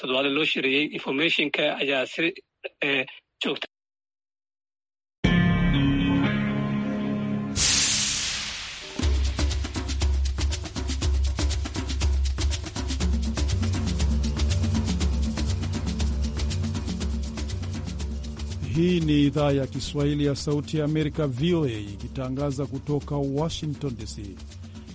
todobaadle loo shiriyey informationka ayaa si joogta eh, Hii ni idhaa ya Kiswahili ya Sauti ya Amerika, VOA, ikitangaza kutoka Washington DC.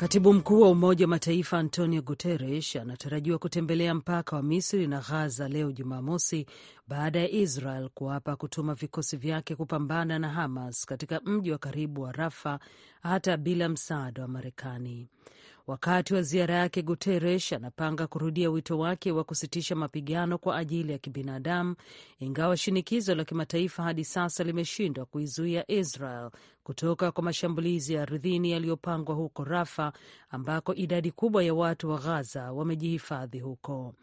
Katibu mkuu wa Umoja wa Mataifa Antonio Guterres anatarajiwa kutembelea mpaka wa Misri na Ghaza leo Jumamosi baada ya Israel kuapa kutuma vikosi vyake kupambana na Hamas katika mji wa karibu wa Rafa hata bila msaada wa Marekani. Wakati wa ziara yake, Guterres anapanga kurudia wito wake wa kusitisha mapigano kwa ajili ya kibinadamu, ingawa shinikizo la kimataifa hadi sasa limeshindwa kuizuia Israel kutoka kwa mashambulizi ya ardhini yaliyopangwa huko Rafa, ambako idadi kubwa ya watu wa Ghaza wamejihifadhi huko.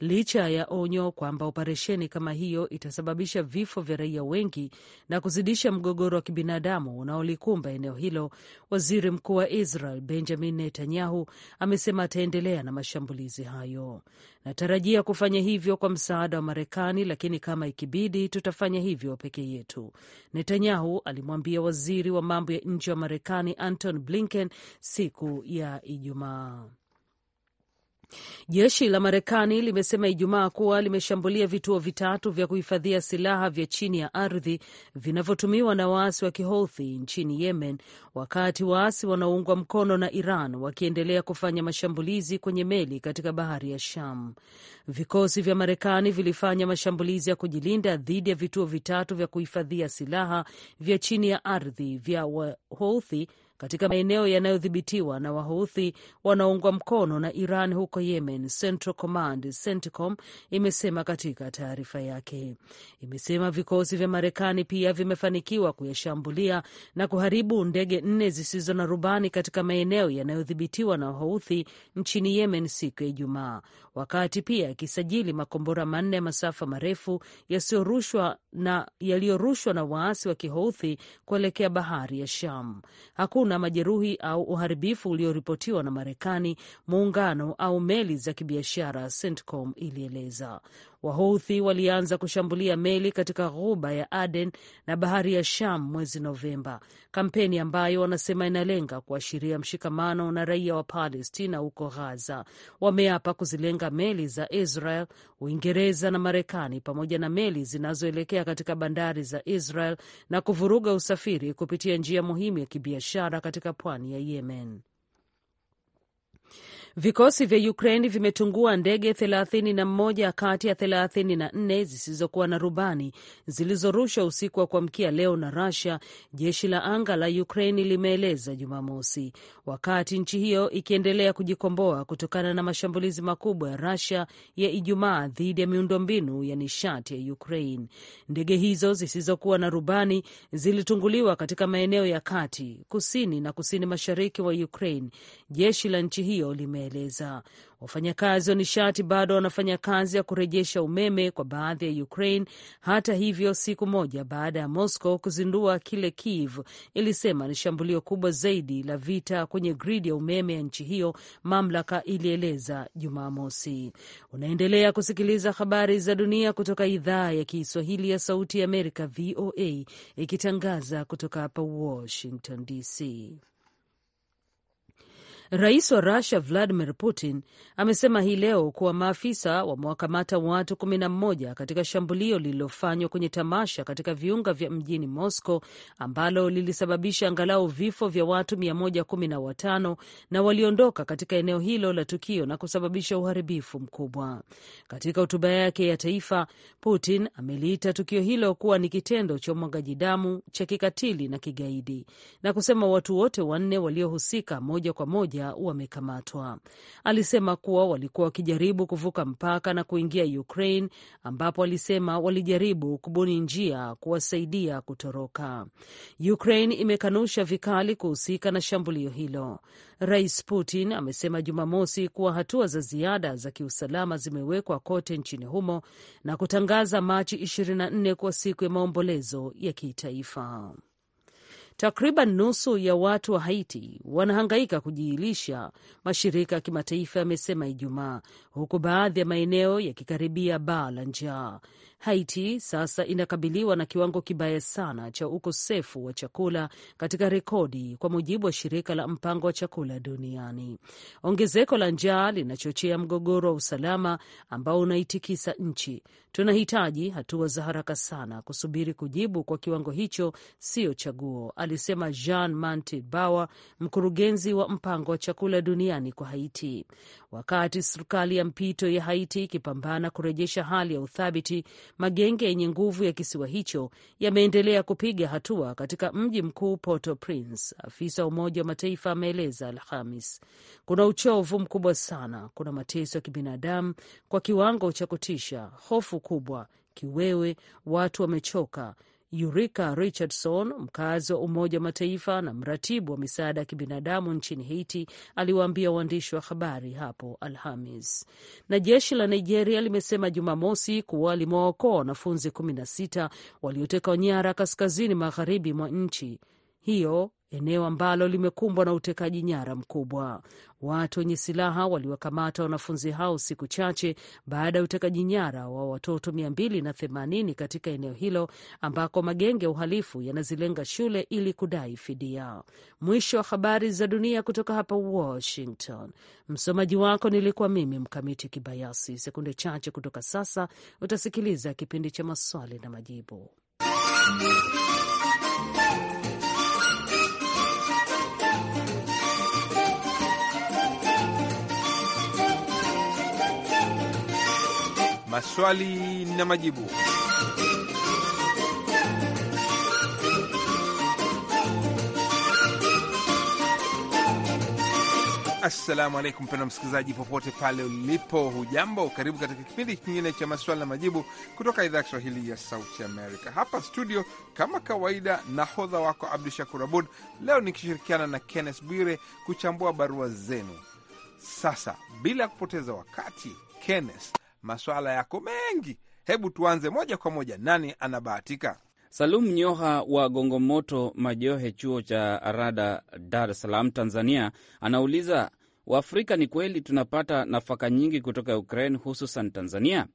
Licha ya onyo kwamba operesheni kama hiyo itasababisha vifo vya raia wengi na kuzidisha mgogoro wa kibinadamu unaolikumba eneo hilo, waziri mkuu wa Israel Benjamin Netanyahu amesema ataendelea na mashambulizi hayo. Natarajia kufanya hivyo kwa msaada wa Marekani, lakini kama ikibidi, tutafanya hivyo peke yetu, Netanyahu alimwambia waziri wa mambo ya nje wa Marekani Anton Blinken siku ya Ijumaa. Jeshi la Marekani limesema Ijumaa kuwa limeshambulia vituo vitatu vya kuhifadhia silaha vya chini ya ardhi vinavyotumiwa na waasi wa Kihouthi nchini Yemen, wakati waasi wanaoungwa mkono na Iran wakiendelea kufanya mashambulizi kwenye meli katika bahari ya Sham. Vikosi vya Marekani vilifanya mashambulizi ya kujilinda dhidi ya vituo vitatu vya kuhifadhia silaha vya chini ya ardhi vya Wahouthi katika maeneo yanayodhibitiwa na Wahouthi wanaoungwa mkono na Iran huko Yemen, Central Command CENTCOM imesema katika taarifa yake. Imesema vikosi vya Marekani pia vimefanikiwa kuyashambulia na kuharibu ndege nne zisizo na rubani katika maeneo yanayodhibitiwa na Wahouthi nchini Yemen siku ya Ijumaa, wakati pia ikisajili makombora manne ya masafa marefu yasiyorushwa na yaliyorushwa na waasi wa Kihouthi kuelekea bahari ya Sham. Hakuna hakuna majeruhi au uharibifu ulioripotiwa na Marekani, muungano au meli za kibiashara, CENTCOM ilieleza. Wahouthi walianza kushambulia meli katika ghuba ya Aden na bahari ya Sham mwezi Novemba, kampeni ambayo wanasema inalenga kuashiria mshikamano na raia wa Palestina huko Ghaza. Wameapa kuzilenga meli za Israel, Uingereza na Marekani pamoja na meli zinazoelekea katika bandari za Israel na kuvuruga usafiri kupitia njia muhimu ya kibiashara katika pwani ya Yemen. Vikosi vya ukrain vimetungua ndege 31 kati ya 34 zisizokuwa na rubani zilizorushwa usiku wa kuamkia leo na Russia, jeshi la anga la ukrain limeeleza Jumamosi, wakati nchi hiyo ikiendelea kujikomboa kutokana na mashambulizi makubwa ya Russia ya Ijumaa dhidi ya miundombinu ya nishati ya Ukraine. Ndege hizo zisizokuwa na rubani zilitunguliwa katika maeneo ya kati, kusini na kusini mashariki wa Ukraine, jeshi la nchi hiyo lime inaeleza. Wafanyakazi wa nishati bado wanafanya kazi ya kurejesha umeme kwa baadhi ya Ukraine, hata hivyo, siku moja baada ya Moscow kuzindua kile Kiev ilisema ni shambulio kubwa zaidi la vita kwenye gridi ya umeme ya nchi hiyo, mamlaka ilieleza Jumamosi. Unaendelea kusikiliza habari za dunia kutoka idhaa ya Kiswahili ya Sauti ya Amerika, VOA, ikitangaza kutoka hapa Washington DC. Rais wa Rusia Vladimir Putin amesema hii leo kuwa maafisa wamewakamata watu kumi na mmoja katika shambulio lililofanywa kwenye tamasha katika viunga vya mjini Moscow ambalo lilisababisha angalau vifo vya watu mia moja kumi na watano na waliondoka katika eneo hilo la tukio na kusababisha uharibifu mkubwa. Katika hotuba yake ya taifa, Putin ameliita tukio hilo kuwa ni kitendo cha umwagaji damu cha kikatili na kigaidi na kusema watu wote wanne waliohusika moja kwa moja wamekamatwa. Alisema kuwa walikuwa wakijaribu kuvuka mpaka na kuingia Ukraine, ambapo alisema walijaribu kubuni njia kuwasaidia kutoroka. Ukraine imekanusha vikali kuhusika na shambulio hilo. Rais Putin amesema Jumamosi kuwa hatua za ziada za kiusalama zimewekwa kote nchini humo na kutangaza Machi 24 kuwa siku ya maombolezo ya kitaifa. Takriban nusu ya watu wa Haiti wanahangaika kujiilisha, mashirika ya kimataifa yamesema Ijumaa, huku baadhi ya maeneo yakikaribia baa la njaa. Haiti sasa inakabiliwa na kiwango kibaya sana cha ukosefu wa chakula katika rekodi, kwa mujibu wa shirika la mpango wa chakula duniani. Ongezeko la njaa linachochea mgogoro wa usalama ambao unaitikisa nchi. Tunahitaji hatua za haraka sana. Kusubiri kujibu kwa kiwango hicho sio chaguo, alisema Jean Manti Bawa, mkurugenzi wa mpango wa chakula duniani kwa Haiti, wakati serikali ya mpito ya Haiti ikipambana kurejesha hali ya uthabiti magenge yenye nguvu ya kisiwa hicho yameendelea kupiga hatua katika mji mkuu porto prince afisa wa Umoja wa Mataifa ameeleza Alhamis. Kuna uchovu mkubwa sana, kuna mateso ya kibinadamu kwa kiwango cha kutisha, hofu kubwa, kiwewe, watu wamechoka Yurika Richardson, mkazi wa Umoja wa Mataifa na mratibu wa misaada ya kibinadamu nchini Haiti, aliwaambia waandishi wa habari hapo Alhamis. Na jeshi la Nigeria limesema Jumamosi kuwa limewaokoa wanafunzi 16 walioteka nyara kaskazini magharibi mwa nchi hiyo eneo ambalo limekumbwa na utekaji nyara mkubwa. Watu wenye silaha waliwakamata wanafunzi hao siku chache baada ya utekaji nyara wa watoto 280 katika eneo hilo ambako magenge ya uhalifu yanazilenga shule ili kudai fidia. Mwisho wa habari za dunia kutoka hapa Washington. Msomaji wako nilikuwa mimi Mkamiti Kibayasi. Sekunde chache kutoka sasa utasikiliza kipindi cha maswali na majibu. maswali na majibu. Assalamu alaikum pena msikilizaji, popote pale ulipo, hujambo? Karibu katika kipindi kingine cha maswali na majibu kutoka idhaa ya Kiswahili ya Sauti Amerika. Hapa studio kama kawaida, nahodha wako Abdu Shakur Abud, leo nikishirikiana na Kennes Bwire kuchambua barua zenu. Sasa bila kupoteza wakati, Kenneth, maswala yako mengi. Hebu tuanze moja kwa moja, nani anabahatika? Salum Nyoha wa Gongomoto Majohe, chuo cha Arada, Dar es Salaam, Tanzania, anauliza Waafrika, ni kweli tunapata nafaka nyingi kutoka Ukraine, hususan Tanzania?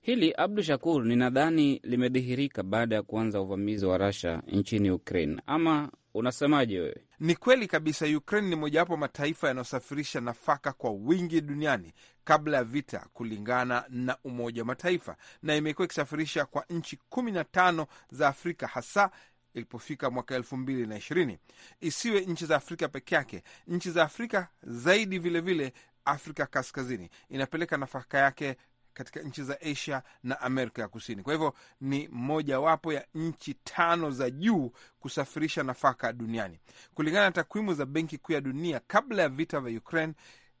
Hili Abdu Shakur, ninadhani limedhihirika baada ya kuanza uvamizi wa rasha nchini Ukraine, ama Unasemaje wewe? Ni kweli kabisa. Ukraine ni mojawapo mataifa yanayosafirisha nafaka kwa wingi duniani kabla ya vita, kulingana na Umoja wa Mataifa, na imekuwa ikisafirisha kwa nchi kumi na tano za Afrika hasa ilipofika mwaka elfu mbili na ishirini. Isiwe nchi za Afrika peke yake, nchi za Afrika zaidi vilevile vile Afrika Kaskazini inapeleka nafaka yake katika nchi za Asia na Amerika ya Kusini. Kwa hivyo ni mojawapo ya nchi tano za juu kusafirisha nafaka duniani kulingana na takwimu za Benki Kuu ya Dunia. Kabla ya vita vya Ukraine,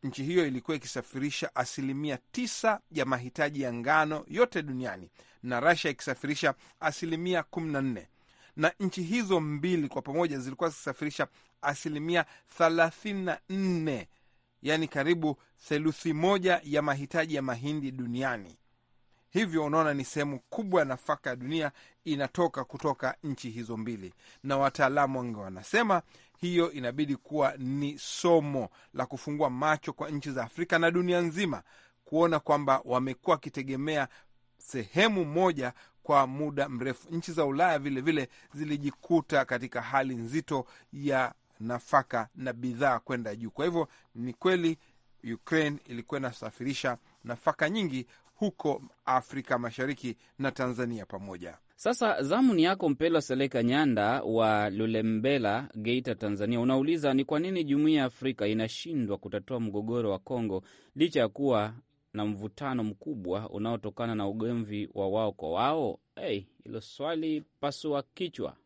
nchi hiyo ilikuwa ikisafirisha asilimia tisa ya mahitaji ya ngano yote duniani na rasia ikisafirisha asilimia kumi na nne na nchi hizo mbili kwa pamoja zilikuwa zikisafirisha asilimia thelathini na nne yaani karibu theluthi moja ya mahitaji ya mahindi duniani. Hivyo unaona ni sehemu kubwa ya nafaka ya dunia inatoka kutoka nchi hizo mbili, na wataalamu wengi wanasema hiyo inabidi kuwa ni somo la kufungua macho kwa nchi za Afrika na dunia nzima kuona kwamba wamekuwa wakitegemea sehemu moja kwa muda mrefu. Nchi za Ulaya vilevile vile zilijikuta katika hali nzito ya nafaka na bidhaa kwenda juu. Kwa hivyo ni kweli Ukraine ilikuwa inasafirisha nafaka nyingi huko Afrika Mashariki na Tanzania pamoja. Sasa zamu ni yako Mpelwa Seleka Nyanda wa Lulembela, Geita, Tanzania. Unauliza ni kwa nini jumuiya ya Afrika inashindwa kutatua mgogoro wa Kongo licha ya kuwa na mvutano mkubwa unaotokana na ugomvi wa wao kwa wao. Hilo hey, swali pasua kichwa,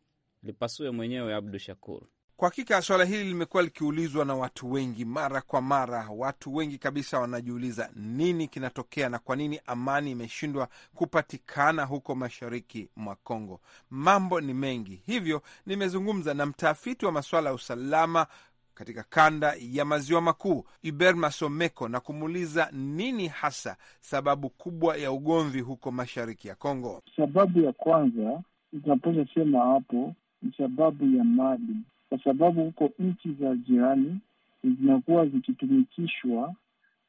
lipasue mwenyewe Abdu Shakur. Kwa hakika swala hili limekuwa likiulizwa na watu wengi mara kwa mara. Watu wengi kabisa wanajiuliza nini kinatokea na kwa nini amani imeshindwa kupatikana huko mashariki mwa Kongo. Mambo ni mengi, hivyo nimezungumza na mtafiti wa masuala ya usalama katika kanda ya maziwa makuu Iber Masomeko na kumuuliza nini hasa sababu kubwa ya ugomvi huko mashariki ya Kongo. Sababu ya kwanza tunaposha sema hapo ni sababu ya mali kwa sababu huko nchi za jirani zinakuwa zikitumikishwa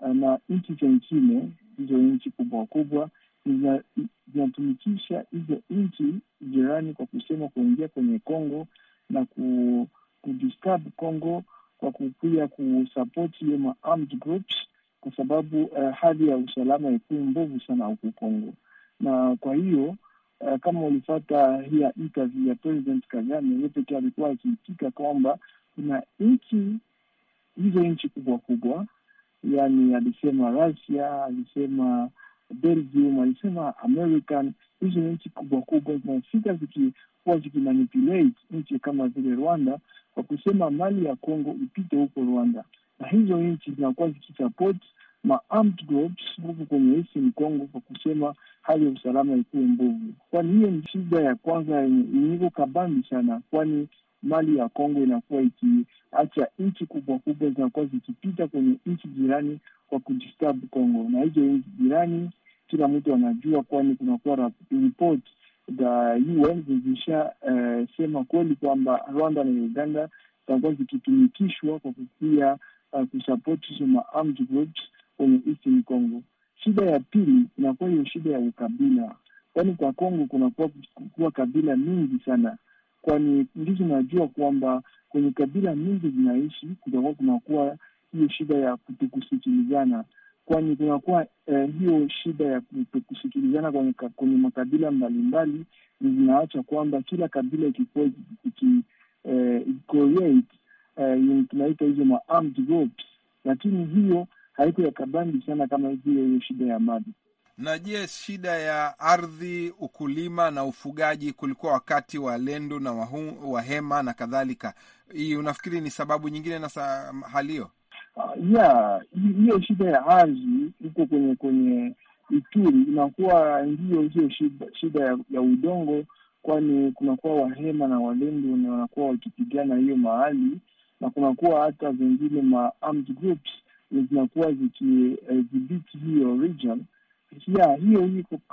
eh, na nchi zengine, hizo nchi kubwa kubwa zinatumikisha hizo nchi jirani kwa kusema kuingia kwenye Kongo na ku, kudisturb kwa kupia kusapoti armed groups kwa sababu uh, hali ya usalama ikuu mbovu sana huku Kongo, na kwa hiyo uh, kama ulifata hiya interview ya President Kagame, yeye pekee alikuwa akiitika kwamba kuna nchi hizo nchi kubwa kubwa, yani alisema Russia, alisema Belgium, alisema American. Hizo nchi kubwa kubwa zinasika zikikuwa zikimanipulate nchi kama vile Rwanda kwa kusema mali ya Congo ipite huko Rwanda, na hizo nchi zinakuwa zikisupport ma armed groups huku kwenye Eastern Congo kwa kusema hali ya usalama ikuwe mbovu, kwani hiyo ni shida ya kwanza iliko kabambi sana, kwani mali ya Kongo inakuwa ikiacha nchi kubwa kubwa zinakuwa zikipita kwenye nchi jirani kwa kudistabu Kongo, na hizo nchi jirani kila mtu anajua, kwani kunakuwa ripoti za UN zilishasema eh, uh, kweli kwamba Rwanda na Uganda zitakuwa zikitumikishwa kwa kukia uh, eh, kusapoti hizo ma-armed groups kwenye Eastern Congo. Shida ya pili inakuwa hiyo shida ya ukabila, kwani kwa Kongo kunakuwa kuwa kabila mingi sana, kwani ndizo najua kwamba kwenye kabila mingi zinaishi, kutakuwa kunakuwa hiyo shida ya kutokusikilizana, kwani kunakuwa eh, hiyo shida ya kutokusikilizana kwenye, kwenye makabila mbalimbali zinaacha kwamba kila kabila ikikuwa iki, eh, create eh, tunaita hizo ma armed groups, lakini hiyo haiko ya yakabandi sana kama vile hiyo shida ya maji. Na je, shida ya ardhi, ukulima na ufugaji kulikuwa wakati wa lendo na wahu, Wahema na kadhalika, hii unafikiri ni sababu nyingine na sa hali hiyo? Uh, ah, yeah, hiyo shida ya ardhi huko kwenye kwenye Ituri inakuwa ndiyo hiyo shida, shida ya, ya udongo, kwani kunakuwa Wahema na Walendu na wanakuwa wakipigana hiyo mahali, na kunakuwa hata vingine ma armed groups zinakuwa zikidhibiti eh, uh, hiyo region ya hiyo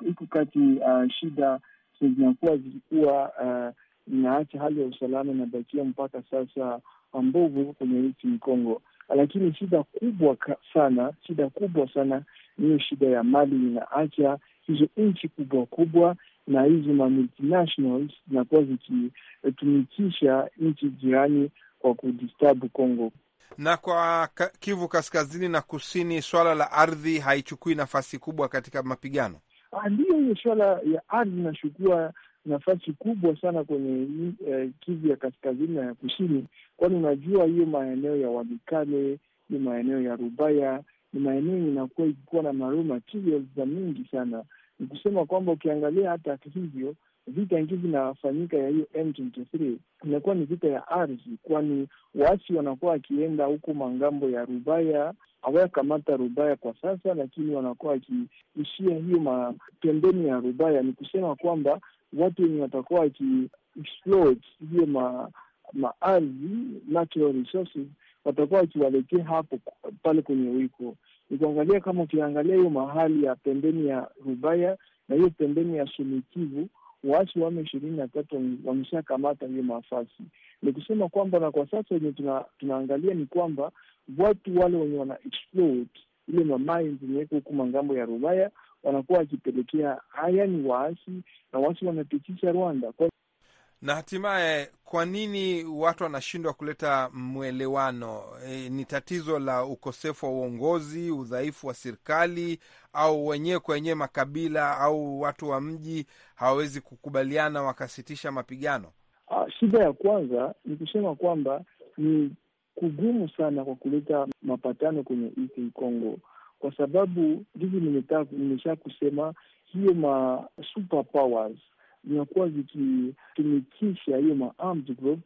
iko kati uh, shida so zinakuwa zilikuwa uh, ah, inaacha hali ya usalama inabakia mpaka sasa pambovu huko kwenye nchi Kongo. Lakini shida kubwa sana, shida kubwa sana ni shida ya mali inaacha hizo nchi kubwa kubwa na hizo multinationals zinakuwa zikitumikisha nchi jirani kwa kudistabu Kongo na kwa Kivu kaskazini na kusini, swala la ardhi haichukui nafasi kubwa katika mapigano. Ah, ndiyo, hiyo swala ya ardhi inachukua nafasi kubwa sana kwenye eh, Kivu ya kaskazini na ya kusini, kwani unajua hiyo maeneo ya Walikale, hiyo maeneo ya Rubaya ni maeneo inakuwa ikikuwa na maroma materials za mingi sana. Ni kusema kwamba ukiangalia hata hivyo vita ingi vinafanyika ya hiyo M23 imekuwa ni vita ya ardhi, kwani waasi wanakuwa wakienda huku mangambo ya Rubaya hawayakamata Rubaya kwa sasa, lakini wanakuwa wakiishia hiyo mapembeni ya Rubaya. Ni kusema kwamba watu wenye watakuwa waki hiyo ma maardhi natural resources watakuwa wakiwaletea hapo pale kwenye wiko ni kuangalia. Kama ukiangalia hiyo mahali ya pembeni ya Rubaya na hiyo pembeni ya Sumikivu waasi wa M ishirini na tatu wameshakamata hiyo mafasi. Ni kusema kwamba na kwa sasa wenye tuna, tunaangalia ni kwamba watu wale wenye wana ile mamai zimeweka huku mangambo ya Rubaya wanakuwa wakipelekea haya ni waasi, na waasi wanapitisha Rwanda kwa na hatimaye, kwa nini watu wanashindwa kuleta mwelewano? E, ni tatizo la ukosefu wa uongozi, udhaifu wa serikali, au wenyewe kwa wenyewe makabila au watu wa mji hawawezi kukubaliana wakasitisha mapigano? Ah, shida ya kwanza ni kusema kwamba ni kugumu sana kwa kuleta mapatano kwenye Eastern Congo kwa sababu ndivyo nimesha kusema hiyo ma zinakuwa zikitumikisha hiyo ma-armed group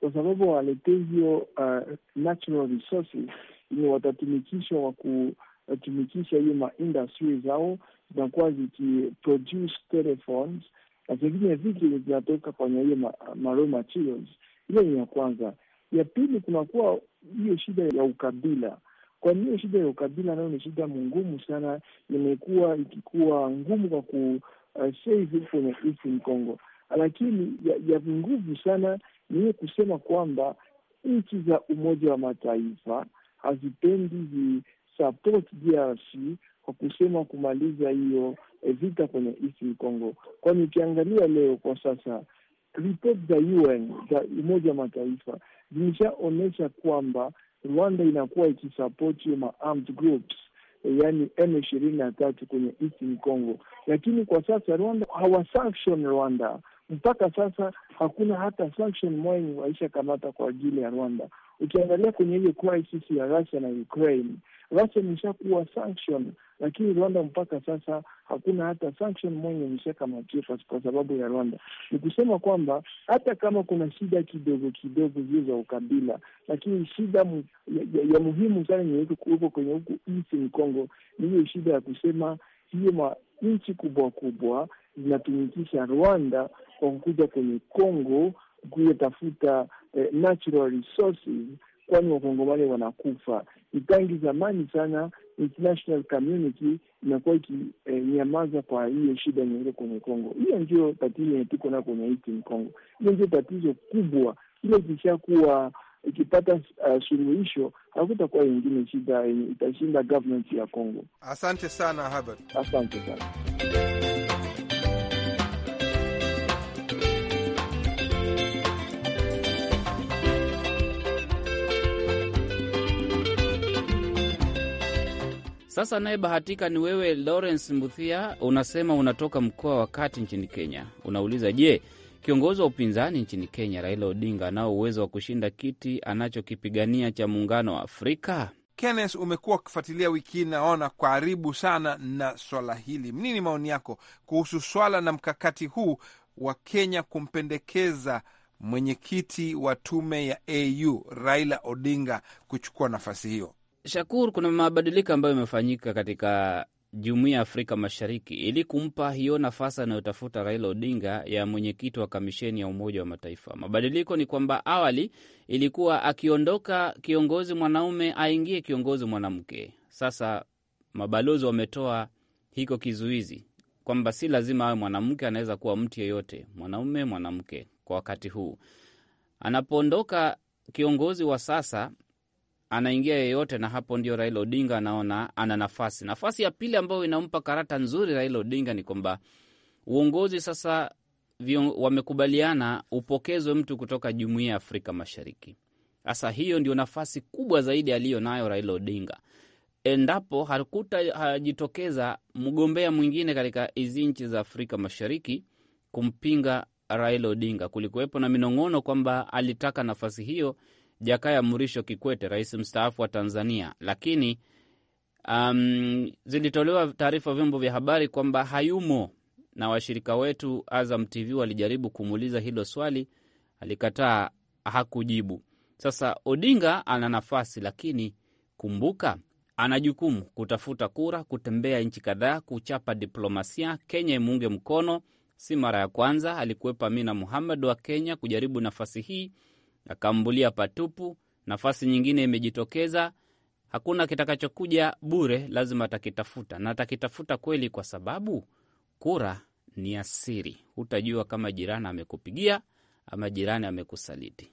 kwa sababu waletee hiyo uh, natural resources yenye watatumikisha wa kutumikisha hiyo maindustry zao, zinakuwa zikiproduce telephones na zingine vingi zinatoka kwenye hiyo ma, ma materials. Hiyo ni ya kwanza. Ya pili, kunakuwa hiyo shida ya ukabila. Kwa hiyo shida ya ukabila nayo ni shida mungumu sana, imekuwa ikikuwa ngumu kwa ku uh, huko kwenye Eastern Congo, lakini ya nguvu sana niye kusema kwamba nchi za Umoja wa Mataifa hazipendi zi support DRC kwa kusema kumaliza hiyo eh, vita kwenye Eastern Congo, kwani ukiangalia leo kwa sasa ripoti za UN za Umoja wa Mataifa zimeshaonyesha kwamba Rwanda inakuwa ikisapoti hiyo ma armed groups yani M ishirini na tatu kwenye Eastern Congo, lakini kwa sasa Rwanda hawasanction Rwanda mpaka sasa hakuna hata sanction moja waisha kamata kwa ajili ya Rwanda. Ukiangalia kwenye hiyo crisis ya Russia na Ukraine, Russia imeshakuwa sanction, lakini Rwanda mpaka sasa hakuna hata sanction moja imeshakamatia kwa sababu ya Rwanda. Ni kusema kwamba hata kama kuna shida kidogo kidogo hiyo za ukabila, lakini shida mu, ya, ya, ya muhimu sana kuwepo kwenye huku Eastern Congo ni hiyo shida ya kusema hiyo ma nchi kubwa kubwa zinatumikisha Rwanda kwa kuja kwenye Congo kuyetafuta eh, natural resources, kwani wakongomani wanakufa. Ni tangi zamani sana international community inakuwa ikinyamaza eh, kwa hiyo shida nyingine kwenye Kongo. Hiyo ndio tatizo tuko nao kwenye Eastern Congo, hiyo ndio tatizo kubwa. Ile ikisha kuwa ikipata uh, suluhisho hakutakuwa yingine shida itashinda government ya Kongo. Asante sana Habert, asante sana. Sasa anayebahatika ni wewe Lawrence mbuthia unasema unatoka mkoa wa Kati nchini Kenya. Unauliza, je, kiongozi wa upinzani nchini Kenya Raila Odinga anao uwezo wa kushinda kiti anachokipigania cha muungano wa Afrika? Kennes, umekuwa ukifuatilia wiki hii, naona kwa karibu sana na swala hili. Nini maoni yako kuhusu swala na mkakati huu wa Kenya kumpendekeza mwenyekiti wa tume ya AU Raila Odinga kuchukua nafasi hiyo? Shakur, kuna mabadiliko ambayo yamefanyika katika jumuiya ya Afrika Mashariki ili kumpa hiyo nafasi anayotafuta Raila Odinga ya mwenyekiti wa kamisheni ya Umoja wa Mataifa. Mabadiliko ni kwamba awali ilikuwa akiondoka kiongozi mwanaume aingie kiongozi mwanamke. Sasa mabalozi wametoa hiko kizuizi kwamba si lazima awe mwanamke, anaweza kuwa mtu yeyote, mwanaume, mwanamke. Kwa wakati huu anapoondoka kiongozi wa sasa anaingia yeyote, na hapo ndio Raila Odinga anaona ana nafasi. Nafasi ya pili ambayo inampa karata nzuri Raila Odinga ni kwamba uongozi sasa vion, wamekubaliana upokezwe mtu kutoka jumuiya ya Afrika Mashariki. Sasa hiyo ndio nafasi kubwa zaidi aliyo nayo Raila Odinga. Endapo hakuta hajitokeza mgombea mwingine katika hizi nchi za Afrika Mashariki kumpinga Raila Odinga, kulikuwepo na minong'ono kwamba alitaka nafasi hiyo Jakaya Mrisho Kikwete, rais mstaafu wa Tanzania, lakini um, zilitolewa taarifa vyombo vya habari kwamba hayumo, na washirika wetu Azam TV walijaribu kumuuliza hilo swali, alikataa, hakujibu. Sasa Odinga ana nafasi, lakini kumbuka ana jukumu kutafuta kura, kutembea nchi kadhaa, kuchapa diplomasia. Kenya imuunge mkono, si mara ya kwanza. Alikuwepo Amina Muhammad wa Kenya kujaribu nafasi hii, akaambulia patupu. Nafasi nyingine imejitokeza. Hakuna kitakachokuja bure, lazima atakitafuta na atakitafuta kweli, kwa sababu kura ni asiri. Hutajua kama jirani amekupigia ama jirani amekusaliti.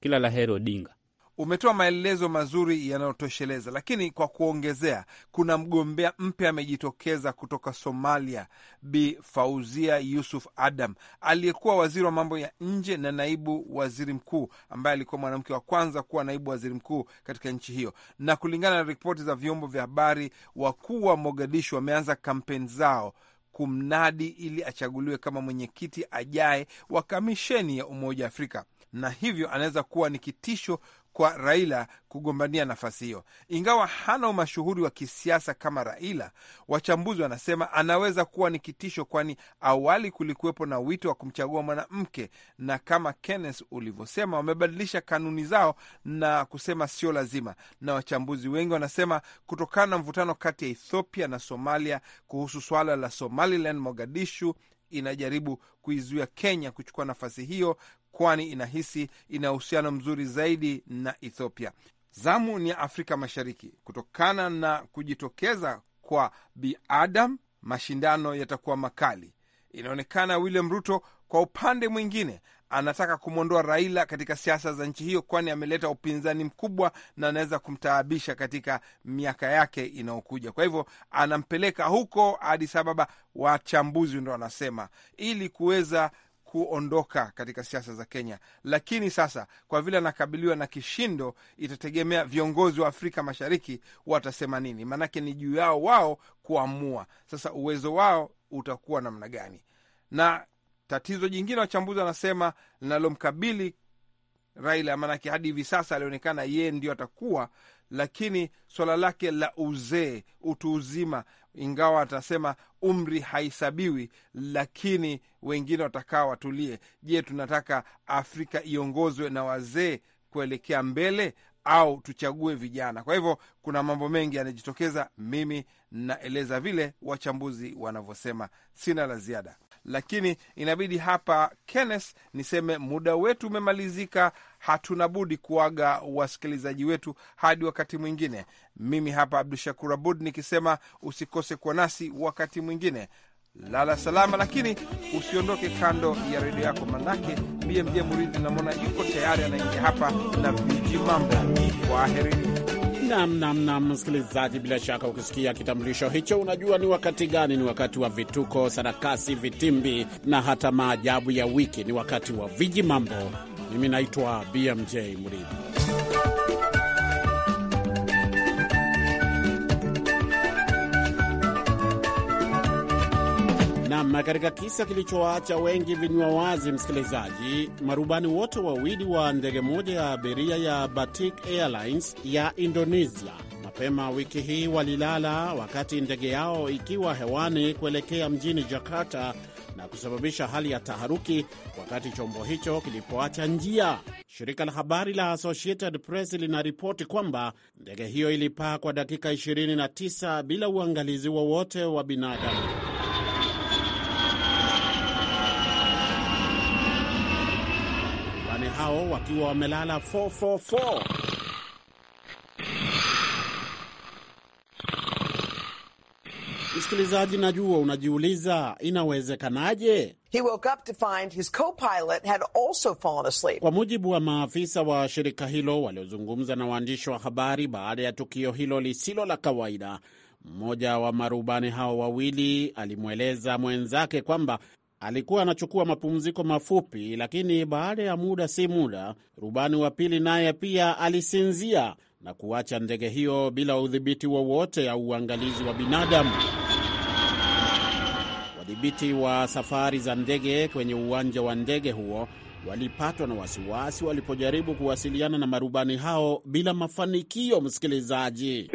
Kila la heri Odinga umetoa maelezo mazuri yanayotosheleza, lakini kwa kuongezea, kuna mgombea mpya amejitokeza kutoka Somalia, Bi Fauzia Yusuf Adam aliyekuwa waziri wa mambo ya nje na naibu waziri mkuu, ambaye alikuwa mwanamke wa kwanza kuwa naibu waziri mkuu katika nchi hiyo. Na kulingana na ripoti za vyombo vya habari, wakuu wa Mogadishu wameanza kampeni zao kumnadi ili achaguliwe kama mwenyekiti ajaye wa kamisheni ya Umoja wa Afrika, na hivyo anaweza kuwa ni kitisho kwa Raila kugombania nafasi hiyo. Ingawa hana umashuhuri wa kisiasa kama Raila, wachambuzi wanasema anaweza kuwa ni kitisho, kwani awali kulikuwepo na wito wa kumchagua mwanamke, na kama Kenneth ulivyosema, wamebadilisha kanuni zao na kusema sio lazima. Na wachambuzi wengi wanasema kutokana na mvutano kati ya Ethiopia na Somalia kuhusu swala la Somaliland, Mogadishu inajaribu kuizuia Kenya kuchukua nafasi hiyo kwani inahisi ina uhusiano mzuri zaidi na Ethiopia. Zamu ni ya Afrika Mashariki. Kutokana na kujitokeza kwa Bi Adam, mashindano yatakuwa makali. Inaonekana William Ruto kwa upande mwingine anataka kumwondoa Raila katika siasa za nchi hiyo, kwani ameleta upinzani mkubwa na anaweza kumtaabisha katika miaka yake inayokuja. Kwa hivyo anampeleka huko hadi Ababa, wachambuzi ndo wanasema, ili kuweza kuondoka katika siasa za Kenya, lakini sasa kwa vile anakabiliwa na kishindo, itategemea viongozi wa Afrika Mashariki watasema nini, maanake ni juu yao wao kuamua. Sasa uwezo wao utakuwa namna gani? Na tatizo jingine wachambuzi wanasema linalomkabili Raila, maanake hadi hivi sasa alionekana yeye ndio atakuwa lakini swala lake la uzee, utu uzima, ingawa atasema umri haisabiwi, lakini wengine watakaa watulie. Je, tunataka Afrika iongozwe na wazee kuelekea mbele au tuchague vijana? Kwa hivyo kuna mambo mengi yanajitokeza. Mimi naeleza vile wachambuzi wanavyosema, sina la ziada lakini inabidi hapa, Kenneth, niseme muda wetu umemalizika. Hatuna budi kuaga wasikilizaji wetu hadi wakati mwingine. Mimi hapa Abdu Shakur Abud nikisema usikose kuwa nasi wakati mwingine. Lala salama, lakini usiondoke kando ya redio yako, manake BMJ Muridhi namwona yuko tayari anaingia hapa na viji mambo. Kwaherini. Nam, nam, nam, msikilizaji, bila shaka ukisikia kitambulisho hicho unajua ni wakati gani. Ni wakati wa vituko, sarakasi, vitimbi na hata maajabu ya wiki. Ni wakati wa viji mambo. Mimi naitwa BMJ Mridhi. Nam, katika kisa kilichowaacha wengi vinywa wazi, msikilizaji, marubani wote wawili wa ndege moja ya abiria ya Batik Airlines ya Indonesia mapema wiki hii walilala wakati ndege yao ikiwa hewani kuelekea mjini Jakarta na kusababisha hali ya taharuki wakati chombo hicho kilipoacha njia. Shirika la habari la Associated Press linaripoti kwamba ndege hiyo ilipaa kwa dakika 29 bila uangalizi wowote wa, wa binadamu. hao wakiwa wamelala 444 Msikilizaji, najua unajiuliza inawezekanaje? He woke up to find his co-pilot had also fallen asleep. Kwa mujibu wa maafisa wa shirika hilo waliozungumza na waandishi wa habari baada ya tukio hilo lisilo la kawaida, mmoja wa marubani hao wawili alimweleza mwenzake kwamba Alikuwa anachukua mapumziko mafupi, lakini baada ya muda si muda, rubani wa pili naye pia alisinzia na kuacha ndege hiyo bila udhibiti wowote au uangalizi wa binadamu. Wadhibiti wa safari za ndege kwenye uwanja wa ndege huo walipatwa na wasiwasi walipojaribu kuwasiliana na marubani hao bila mafanikio. Msikilizaji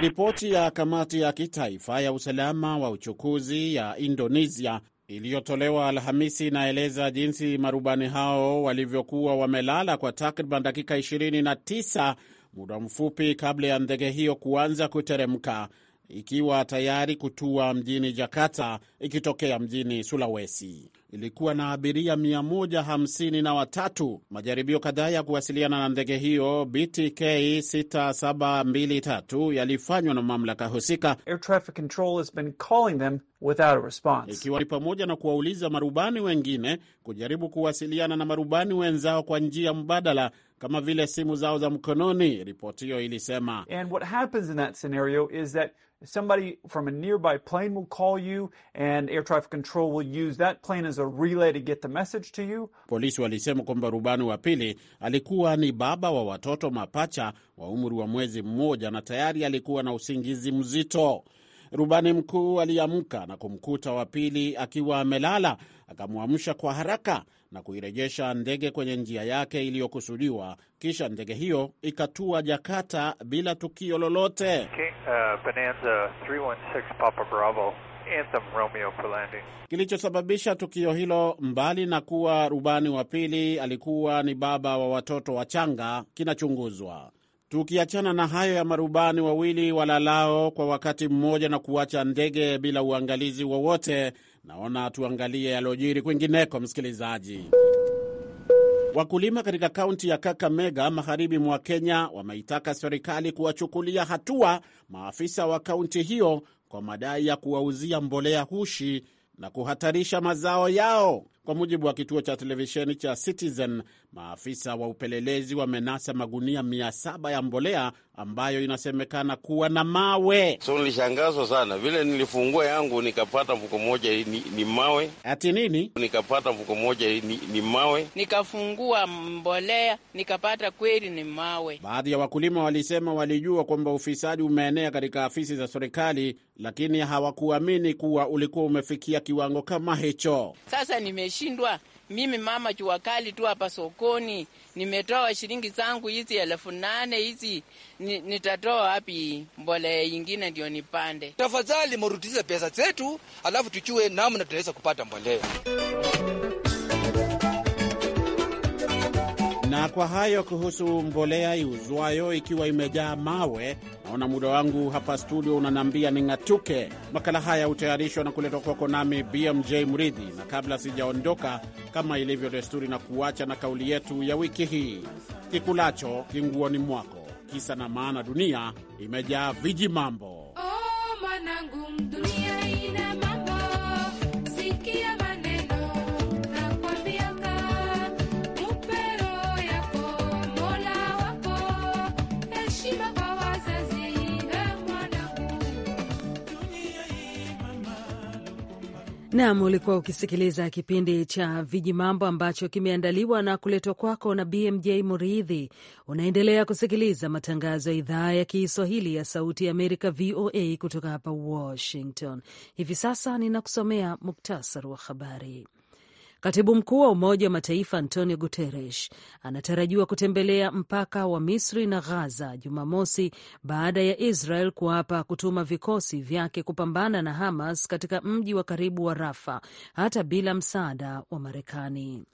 Ripoti ya kamati ya kitaifa ya usalama wa uchukuzi ya Indonesia iliyotolewa Alhamisi inaeleza jinsi marubani hao walivyokuwa wamelala kwa takriban dakika 29 muda mfupi kabla ya ndege hiyo kuanza kuteremka ikiwa tayari kutua mjini Jakarta ikitokea mjini Sulawesi ilikuwa na abiria 153. Majaribio kadhaa ya kuwasiliana na ndege hiyo BTK 6723 yalifanywa na mamlaka husika, ikiwa ni pamoja na kuwauliza marubani wengine kujaribu kuwasiliana na marubani wenzao kwa njia mbadala kama vile simu zao za mkononi, ripoti hiyo ilisema. And what happens in that scenario is that somebody from a nearby plane will call you and air traffic control will use that plane as a relay to get the message to you. Polisi walisema kwamba rubani wa pili alikuwa ni baba wa watoto mapacha wa umri wa mwezi mmoja na tayari alikuwa na usingizi mzito. Rubani mkuu aliamka na kumkuta wa pili akiwa amelala, akamwamsha kwa haraka na kuirejesha ndege kwenye njia yake iliyokusudiwa. Kisha ndege hiyo ikatua Jakarta bila tukio lolote. King, uh, Bonanza, 316 Papa Bravo. Anthem Romeo for landing. Kilichosababisha tukio hilo, mbali na kuwa rubani wa pili alikuwa ni baba wa watoto wachanga, kinachunguzwa. Tukiachana na hayo ya marubani wawili walalao kwa wakati mmoja na kuacha ndege bila uangalizi wowote, naona tuangalie yaliyojiri kwingineko, msikilizaji. Wakulima katika kaunti ya Kakamega magharibi mwa Kenya wameitaka serikali kuwachukulia hatua maafisa wa kaunti hiyo kwa madai ya kuwauzia mbolea hushi na kuhatarisha mazao yao. Kwa mujibu wa kituo cha televisheni cha Citizen, maafisa wa upelelezi wamenasa magunia 700 ya mbolea ambayo inasemekana kuwa na mawe. So nilishangazwa sana vile nilifungua yangu nikapata mfuko moja ni, ni mawe. Ati nini? Nikapata mfuko moja ni, ni mawe. Nikafungua mbolea nikapata kweli ni mawe. Baadhi ya wakulima walisema walijua kwamba ufisadi umeenea katika afisi za serikali, lakini hawakuamini kuwa ulikuwa umefikia kiwango kama hicho. Sasa nimeshindwa mimi mama jua kali tu hapa sokoni, nimetoa shilingi zangu hizi elfu nane hizi nitatoa wapi mbolea ingine ndio nipande? Tafadhali murudishe pesa zetu, alafu tuchue namna tunaweza kupata mbolea. Na kwa hayo kuhusu mbolea iuzwayo ikiwa imejaa mawe, naona muda wangu hapa studio ni ning'atuke. Makala haya hutayarishwa na kuletwa kwako nami BMJ Mridhi, na kabla sijaondoka, kama ilivyo desturi, na kuacha na kauli yetu ya wiki hii, kikulacho kinguoni mwako. Kisa na maana, dunia imejaa viji mambo. Oh, manangu, dunia Nam, ulikuwa ukisikiliza kipindi cha Viji Mambo ambacho kimeandaliwa na kuletwa kwako na BMJ Muridhi. Unaendelea kusikiliza matangazo ya idhaa ya Kiswahili ya Sauti ya Amerika, VOA, kutoka hapa Washington. Hivi sasa ninakusomea muktasari wa habari. Katibu mkuu wa Umoja wa Mataifa Antonio Guterres anatarajiwa kutembelea mpaka wa Misri na ghaza Jumamosi baada ya Israel kuapa kutuma vikosi vyake kupambana na Hamas katika mji wa karibu wa Rafa hata bila msaada wa Marekani.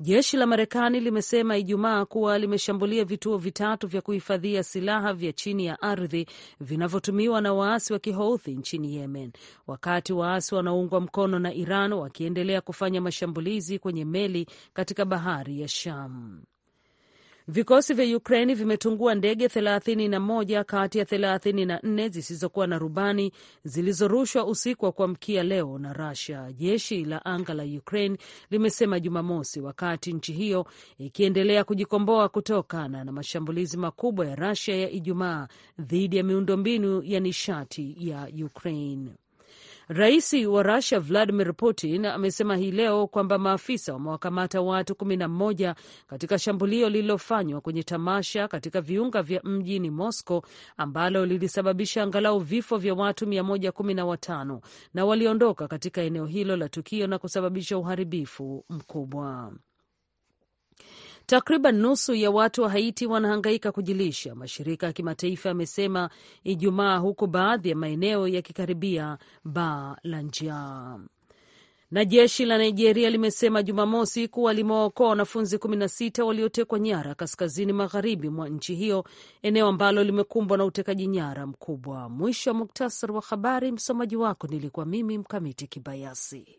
Jeshi la Marekani limesema Ijumaa kuwa limeshambulia vituo vitatu vya kuhifadhia silaha vya chini ya ardhi vinavyotumiwa na waasi wa Kihouthi nchini Yemen, wakati waasi wanaoungwa mkono na Iran wakiendelea kufanya mashambulizi kwenye meli katika bahari ya Sham. Vikosi vya Ukraini vimetungua ndege 31 kati ya 34 zisizokuwa na rubani zilizorushwa usiku wa kuamkia leo na rasia jeshi la anga la Ukraine limesema Jumamosi, wakati nchi hiyo ikiendelea kujikomboa kutokana na mashambulizi makubwa ya rasia ya Ijumaa dhidi ya miundombinu ya nishati ya Ukraine. Rais wa Rusia Vladimir Putin amesema hii leo kwamba maafisa wamewakamata watu kumi na mmoja katika shambulio lililofanywa kwenye tamasha katika viunga vya mjini Moscow ambalo lilisababisha angalau vifo vya watu na watano na waliondoka katika eneo hilo la tukio na kusababisha uharibifu mkubwa. Takriban nusu ya watu wa Haiti wanahangaika kujilisha, mashirika ya kimataifa yamesema Ijumaa, huku baadhi ya maeneo yakikaribia baa la njaa na jeshi la Nigeria limesema Jumamosi kuwa limewaokoa wanafunzi 16 waliotekwa nyara kaskazini magharibi mwa nchi hiyo, eneo ambalo limekumbwa na utekaji nyara mkubwa. Mwisho wa muktasari wa habari. Msomaji wako nilikuwa mimi Mkamiti Kibayasi.